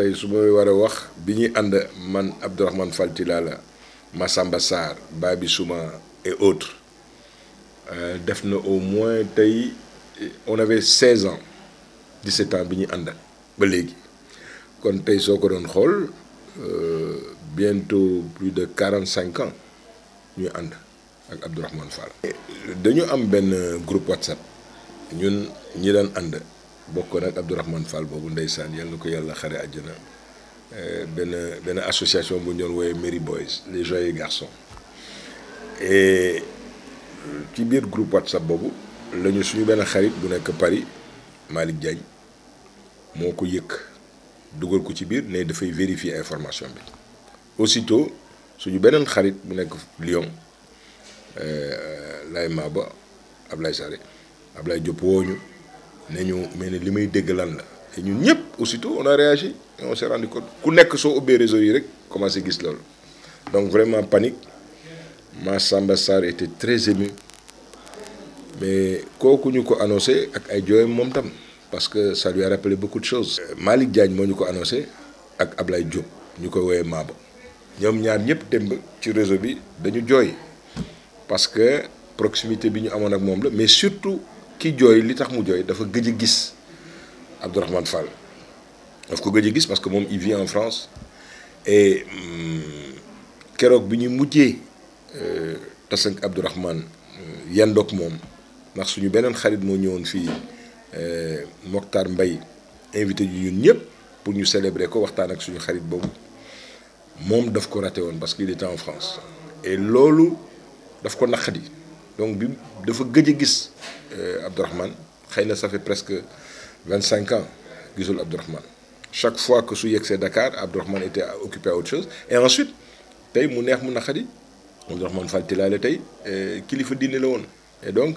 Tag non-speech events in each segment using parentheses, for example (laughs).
tey su may war a wax bi ñuy ànd man Abdourahmane Fall Tilala Massamba Babi Souma et autres euh, def na au moins tey on avait 16 ans 17 ans bi ñuy ànd ba léegi kon tey soo ko doon xool euh, bientôt plus de 45 ans ñuy ànd ak Abdourahmane Fall. dañu am benn groupe WhatsApp ñun ñi daan ànd bokkoon ak Abdourahmane Fall bobu ndeysaan yalla na ko yàlla xare àjjana Ben, ben association bu ñu doon Mary Merry Boys les joyeux garçons et eh, ci biir groupe WhatsApp bobu lañu suñu benn xarit bu nek Paris Malick Diagne moko yek yëkk dugal ko ci biir ne fay vérifier information bi aussitôt suñu benen xarit bu nek Lyon eh, Laye Maba ablay Sare ablay Diop woñu ne ñu mais ne li may dégg lan la ñun ñëpp aussitôt on a réagi et on s'est rendu compte ku nekk soo ubbee réseau yi rek commencé gis ça donc vraiment panique samba Sarr était très ému mais kooku ñu ko annoncé ak ay jooyam moom tam parce que ça lui a rappelé beaucoup de choses. Malik Diagne nous ñu annoncé ak Ablaï Diop ñu koy woowee Maabo ñoom ñaar ñëpp sur ci réseau bi dañu jooy parce que proximité bi ñu avec ak mais surtout ki joy li tax mu joy dafa gëj a gis Abdourahmane Fall dafa ko gëj a gis parce que mom il vit en France et hmm, kérok bi ñu euh tassank Abdourahmane euh, yandok mom nak suñu benen xarit mo moo fi euh moktar Mbaye invité ju ñun ñëpp pour ñu célébrer ko waxtaan ak suñu xarit bobu mom daf ko raté won parce qu'il était en France et lolu daf ko naqadi donc bi dafa gëj gis euh, Abdourahmane ça fait presque 25 ans gisul Abdourahmane chaque fois que je su à Dakar Abdourahmane était occupé à autre chose et ensuite tay mu neex mu naqari Abdourahmane Fall Tilala tey euh, kilifa diine la woon et donc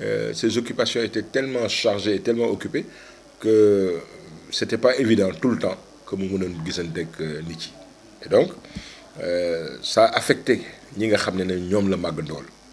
euh, ses occupations étaient tellement chargées tellement occupées que c'était pas évident tout le temps que mu mënoon gisanteeg nit yi et donc ça affecté ñi nga xam ne ne la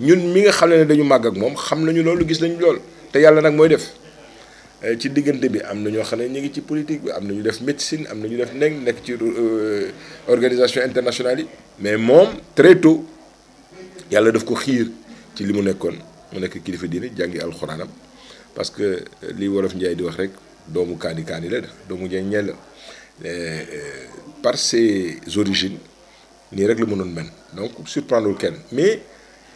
ñun mi nga xamne dañu mag ak mom xam nañu lolu gis nañu loolu te yalla nak moy def eh, ci digënté bi am nañu xamne ñi ngi ci politique bi am nañu def médecine am nañu def nek nek ci euh, organisation internationale yi mais mom très tôt yalla daf ko xir ci limu nekkon mu nekk kilifa diine jangi alxuraanam parce que euh, li wolof ndjay di wax rek doomu kani kani la doomu ñe ñel eh, euh, par ses origines ni rek la mënon men donc surprendre ken mais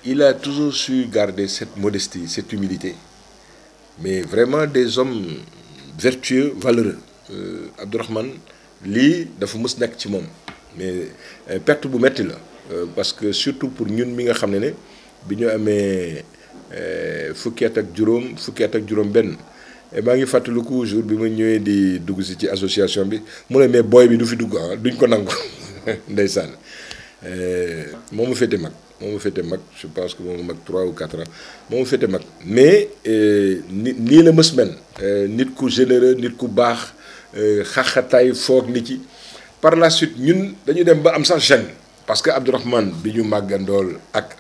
il a toujours su garder cette modestie, cette humilité. Mais vraiment des hommes vertueux, valeureux. Euh, Abdourahman, lui, dafa mës nekk ci moom mais euh, perte bu metti la euh, parce que surtout pour ñun mi nga xam ne ne bi ñu amee euh, fukki at ak juróom fukki at ak juróom benn maa ngi fàttaliku jour bi ma ñëwee di dugg ci association bi mu ne mais booy bi du fi dugg ah duñ ko nangu (laughs) ndeysaan euh, moo ma féete mag moo ma féete mag je pense que moo ma mag trois ou 4 ans moo ma féete mag mais euh, ni nii la mës mel euh, nit ku généreux nit ku baax xaxataay foog nit ci par la suite ñun dañu dem ba am sax gêne parce que Abdourahmane bi Magandol, ak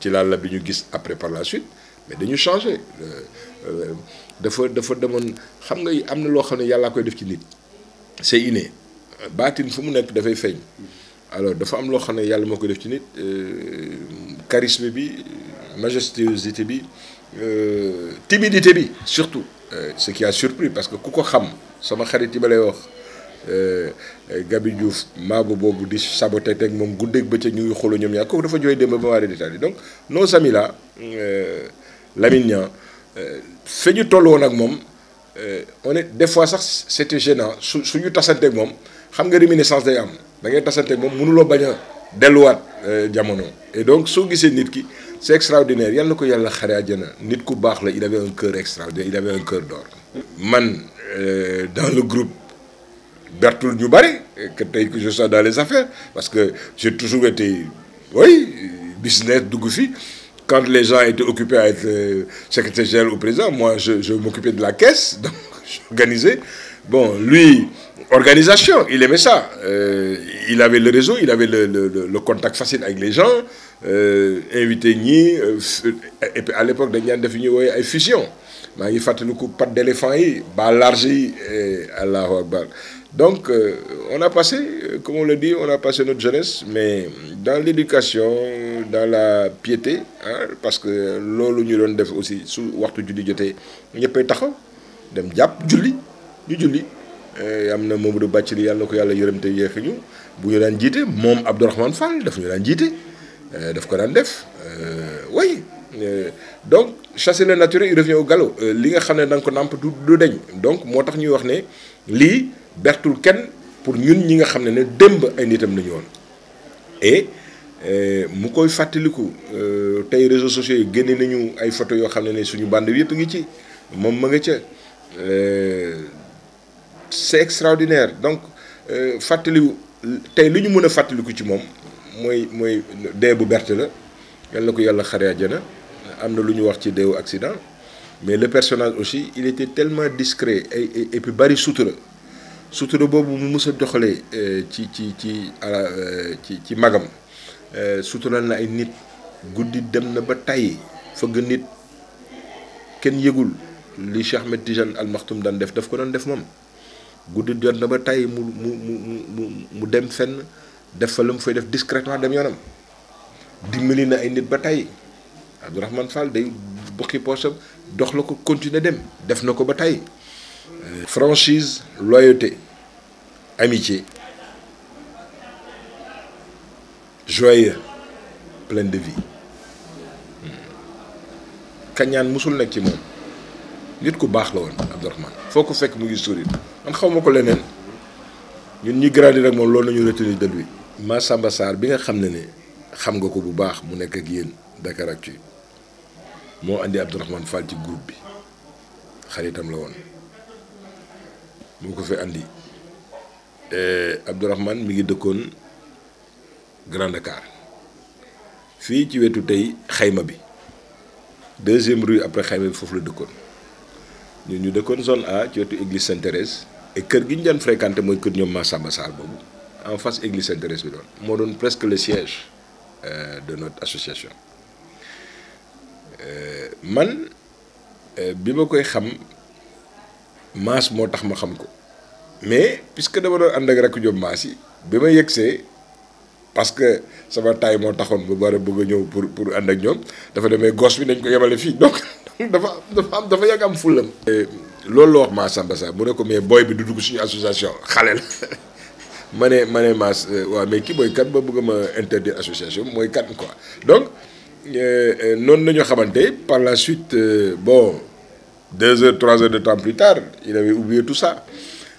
ci laal la bi ñu gis après par la suite mais dañu changé dafa dafa demone xam nga amna lo xamne yalla koy def ci nit c'est inné batine fu mu nekk dafay feeñ alors dafa am loo xam ne yàlla moo ko def ci nit euh, charisme bi majestuosité bi euh, timidité bi surtout euh, ce qui a surpris parce que ku ko xam sama xarit yi ba lay wax Gabi Diouf maago boobu di saboté teg moom guddeeg bëccëg ñu ngi xooloo ñoom ñaar kooku dafa jooy démb ba waa détaillé donc nos amis là Lamine Niang fi ñu toll woon ak moom on est des fois sax c'était gênant su suñu tasanteeg moom xam nga réminiscence day am da ngay tasante moom mënuloo bañ a delluwaat euh, jamono et donc soo gisee nit ki c'est extraordinaire Il ko yàlla il avait un cœur extraordinaire il avait un cœur d'or man euh, dans le groupe bertul ñu que que je sois dans les affaires parce que j'ai toujours été oui business dugg fi quand les gens étaient occupés à être euh, secrétaire général ou président moi je je m'occupais de la caisse donc (laughs) j'organisais Bon, lui, organisation, il aimait ça. Euh, il avait le réseau, il avait le, contact facile avec les gens, euh, invité Ni. Euh, à l'époque, il y def ñu wooye ay fusion il ngi pas pat d'éléphant yi ba élargi eh, donc euh, on a passé comme on le dit on a passé notre jeunesse mais dans l'éducation dans la piété hein, parce que loolu ñu doon def aussi su waxtu julli pas ñëppay taxaw dem japp Julie ñu julli eh, am na Mamadou Bathily Yalla ko Yalla yërëm te yeex ñu bu ñu daan jité mom Abdourahmane Fall daf ñu daan jité euh daf ko daan def euh way eh, donc chasser le naturel il revient au galop eh, li nga xamné ne ko namp du du deñ donc motax ñuy wax né li bertul ken pour ñun ñi nga xamné né demb ay nitam nañu won et mu koy fàttaliku tay réseaux sociaux yi génne nañu ay photo yo xamné ne suñu bande bi yëpp ngi ci mom ma nga ci euh c'est extraordinaire donc euh, fàttaliwu tey li ñu mën a fàttaliku ci moom mooy mooy dee bu berte la yal na ko yàlla xare àjjana wax ci accident mais le personnage aussi il était tellement discret et et puis bari sutura sutura bobo mu mës a doxalee euh, ci ci ci euh, ci ci magam sutural na ay nit guddi dem na ba fa fëgg nit kenn yëgul li Cheikh Al Maktoum daan def daf ko def guddi jot na ba tey mu mu mu mu dem fenn def fa lu mu fay def discrètement dem yoonam dimbali na ay nit ba tey Abdourahmane Fall day bokki poosam dox la ko continuer dem def na ko ba tey. Euh, franchise loyauté amitié joyeux plein de vie hmm. kañaan musul nekk ci moom. nit ku baax la woon Abdourahmane foo ko fekk mu ngi suuri man xaw ma ko leneen ñun ñi grandir rek moom loolu la ñu retenir de lui Massamba Sarr bi nga xam ne ne xam nga ko bu baax mu nekk ak yéen Dakaractu moo andi Abdourahmane Fall ci groupe bi xaritam la woon moo ko fi andi eh, Abdourahmane mi ngi dëkkoon Grand Dakar fii ci wetu tey xayma bi deuxième rue après xayma bi foofu la dëkkoon. Nous ñu une zone A église Sainte-Thérèse et kër gi fréquenté en face église Sainte-Thérèse bi presque le siège euh, de notre association euh, man euh, bi ma koy xam mais puisque dama doon ànd ak parce que sama taay moo taxoon ba pour donc dafa dafa am dafa yàgg am fulam eh, loolu la wax maa Samba sa mu ne ko mais booy bi du dugg suñu association xale la (laughs) ma ne ma ne maa eh, waaw mais ki booy kat ba bëgg ma interdire association mooy kat quoi donc eh, noonu nañu xamante par la suite bon deux heures trois heures de temps plus tard il avait oublié tout ça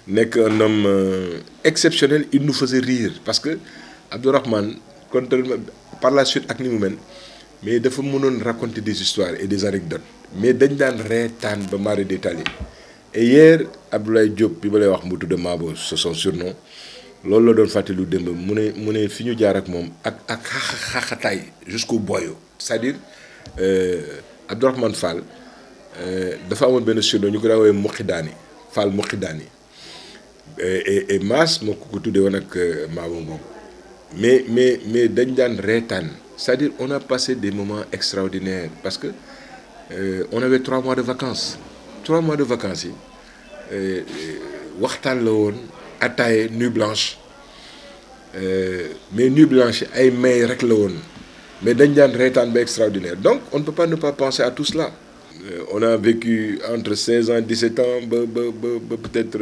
nekk un homme euh, exceptionnel il nous faisait rire parce que Abdourahmane contre par la suite ak ni mu mel mais dafa mënoon raconter des histoires et des anecdotes mais dañ daan reetaan ba mari détaillé et hier Abdoulaye Diop bi ba lay wax mu tudd Mabo c'est son surnom loolu la doon fàttali lu démb mu ne mu ne fi ñu jaar ak moom ak ak xaxataay jusqu'au boyau c'est-à-dire euh, Abdourahmane Fall euh, dafa amoon benn surnom ñu ko daa woowee Muqidaani Fall Muqidaani et et mas moo ko ko tuddee woon ak euh, Mabo boobu mais mais mais c'est-à-dire on a passé des moments extraordinaires parce que euh, on avait trois mois de vacances trois mois de vacances et euh, la nuit blanche euh, mais nuit blanche ay may rek la mais dañ daan ba extraordinaire donc on ne peut pas ne pas penser à tout cela on a vécu entre 16 ans 17 ans peut-être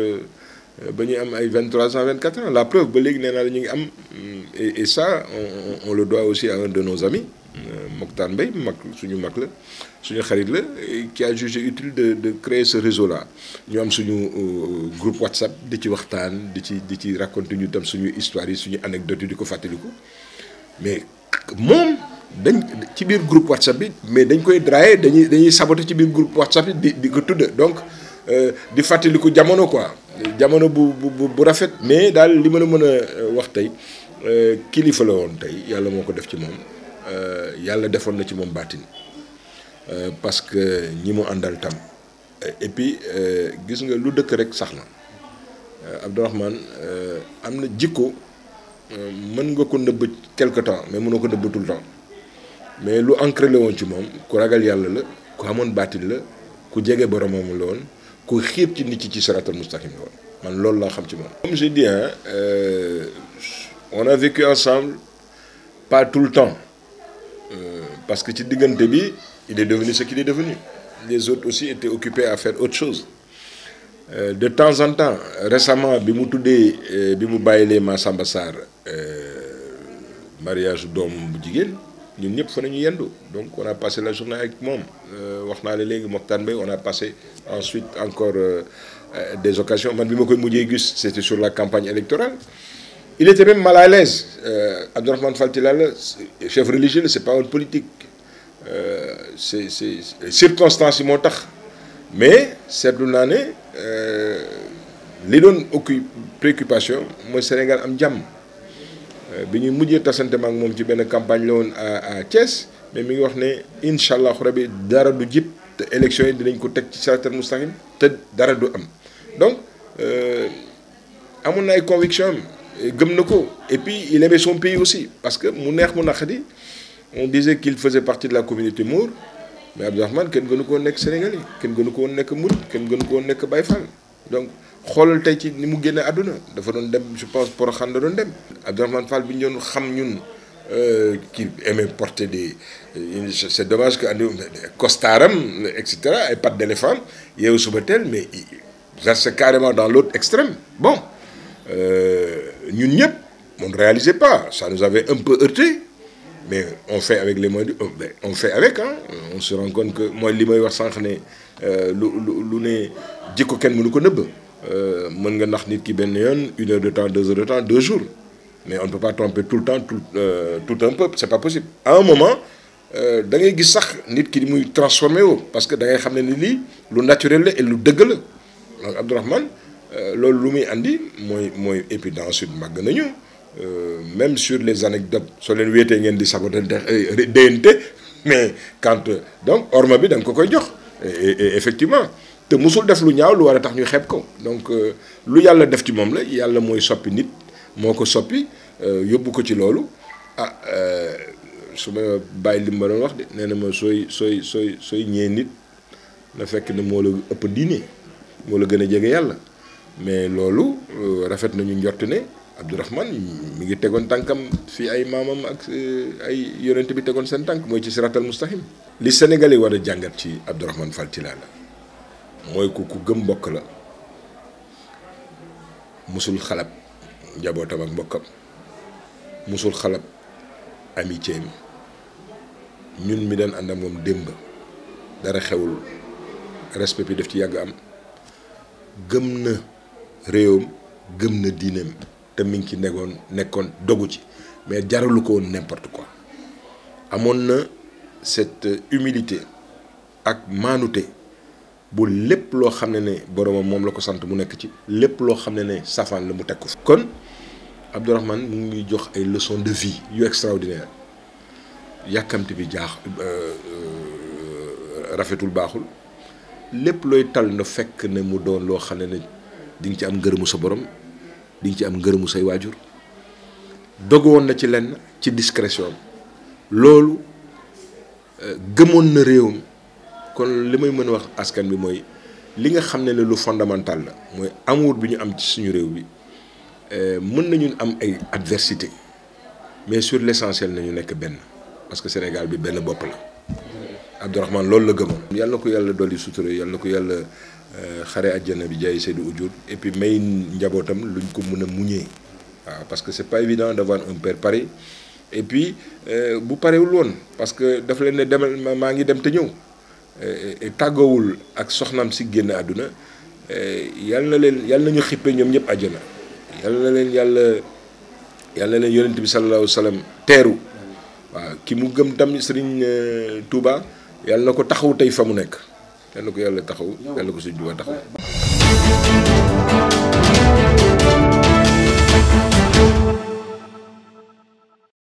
euh, ba am ay ans 24 ans la preuve ba léegi nee naa ñu ngi am mm, et ça on, on le doit aussi à un de nos amis euh, Moktan Bey, mag suñu mag la suñu xarit la qui a jugé utile de de créer ce réseau là ñu am suñu euh, groupe WhatsApp di ci waxtaan di ci di ci raconter ñu tam suñu histoire yi suñu anecdote yi di ko mais moom dañ ci groupe WhatsApp bi mais dañ koy draye dañuy dañuy saboter ci biir groupe WhatsApp bi di di ko tudd donc di fàttaliku jamono quoi. jamono bu bu bu rafet mais daal li ma la mën a euh, wax tey euh, kilifa la woon tey yàlla moo ko def ci moom euh, yàlla defoon na ci moom baatin parce que ñi mu àndal tam et puis gis nga lu dëkk rek sax na Abdourahmane am na jikko mën nga ko nëbb quelque temps mais mënoo ko nëbb tout temps mais lu ancré la woon ci moom ku ragal yàlla la ku amoon baatin la ku jege boromam la woon comme j'ai dit, hein, euh, on a vécu ensemble pas tout le temps euh, parce que ci diggante bi il est devenu ce qu'il est devenu les autres aussi étaient occupés à faire autre chose euh, de temps en temps récemment bi mu tuddee bi mu Massamba Sarr mariage d'homme bu fa yendu donc on a passé la journée avec moi, euh, on a passé ensuite encore euh, euh, des occasions c'était sur la campagne électorale il était même mal à l'aise Abdourahmane chef religieux c'est pas un politique c'est c'est circonstances yi moo tax mais seetlu naa ne li doon occu préoccupation mooy Sénégal am bi ñuy mujjee tasante ma ak moom ci benn campagne la woon à Thiès mais mi ngi wax né inshallah rabbi dara du jib te élection yi dinañ ko teg ci saraatal mustaqim te dara du am donc euh na ay conviction gëm nako et puis il aimait son pays aussi parce que mu neex mu naqadi on disait qu'il faisait partie de la communauté Mour mais Abdourahmane ken gënu ko nek Sénégalais ken gënu ko woon nekk Mouride kenn gënu ko nek nekk donc xoolal tey ci ni mu génne àdduna dafa doon dem je pense pour la doon dem Abdourahmane Fall bi ñu xam ñun euh, qui aimait porter des euh, c'est dommage que andi costaram et cetera ay pas d'éléphant est suba teel mais verse carrément dans l'autre extrême bon euh, ñun ñëpp on ne réalisait pas ça nous avait un peu heurté mais on fait avec les moyens ben, on fait avec hein on se rend compte que moi, li may wax sànq ne lu lu ne jikko kenn mënu ko neub euh, mën nga nax nit ki benn yoon une heure de temps deux heures de temps deux jours mais on ne peut pas tromper tout le temps tout euh, tout un peuple c'est pas possible à un moment euh, da ngay gis sax nit ki di muy transformé parce que da ngay xam ne ni lii lu naturel la et lu dëgg la donc Abdourahmane loolu lu muy andi et puis ensuite sur nañu même sur les anecdotes soo ont wéetee ngeen di un DNT mais quand donc orma bi da nga ko koy jox effectivement te musul def lu ñaaw lu war a tax ñu xeeb ko donc euh, lu yàlla def ci moom la yàlla mooy soppi nit moo ko soppi euh, yóbbu ko ci loolu ah euh, su ma bàyyi li ma doon wax de nee na ma sooy sooy sooy sooy ñëwee nit na fekk ni moo la ëpp diine moo la gën a jege yàlla mais loolu rafet nañu njort ne Abdourahman mu ngi tegoon tànkam fii ay maamam ak ay yonent bi tegoon seen tànk mooy ci siratal mustaqim li Sénégal yi war a jàngat ci Abdourahman Fall Tilala mooy ku ku gëm mbokk la musul xalab njabootam ak mbokkam mosul xalab amitié mi ñun mi daan ànd ak moom démb dara xewul respect bi def ci yàgg am gëm na réewam gëm na diinam te mi ngi ci nekkoon nekkoon dogu ci mais jaralu ko woon n'importe quoi amoon na cette humilité ak maanute bu lépp loo xam ne ne boromam la ko sant mu nekk ci lépp loo xam ne ne la mu teg kon Abdourahmane mu ngi jox ay leçons de vie yu extraordinaire yàkkamte bi jaax rafetul baaxul lépp looy tal na fekk ne mu doon loo xam ne di ci am ngërëmu sa borom di ci am ngërëmu say waajur dogoon na ci lenn ci discrétion loolu gëmoon na réewam kon li may mën wax askan bi mooy li nga xam ne lu fondamental la mooy amour bi ñu am ci suñu réew bi euh, mën nañu am ay adversité mais sur l'essentiel nañu nekk benn parce que Sénégal bi benn bopp la Abdourahmane loolu la gëmoon yàlla ko yàlla doli sutura yàlla na ko yàlla euh, xare àjjana bi jaay Seydou Oudiour et puis may njabootam luñ ko mën a muñee waaw parce que c'est pas évident d'avoir un père pareil et puis euh, bu parewul woon parce que daf leen ne demal maa ngi dem te ñëw Eh, eh, tàggawul ak soxnaam si génn àdduna eh, yal na leen yal na ñu xippe ñoom ñëpp àjjana yal na leen yàlla yal na leen yonent bi sallallahu alayhi teeru waaw ki mu gëm tam Serigne Touba yal na ko taxaw tey fa mu nekk yal na ko yàlla taxaw yal na ko Serigne Touba taxaw.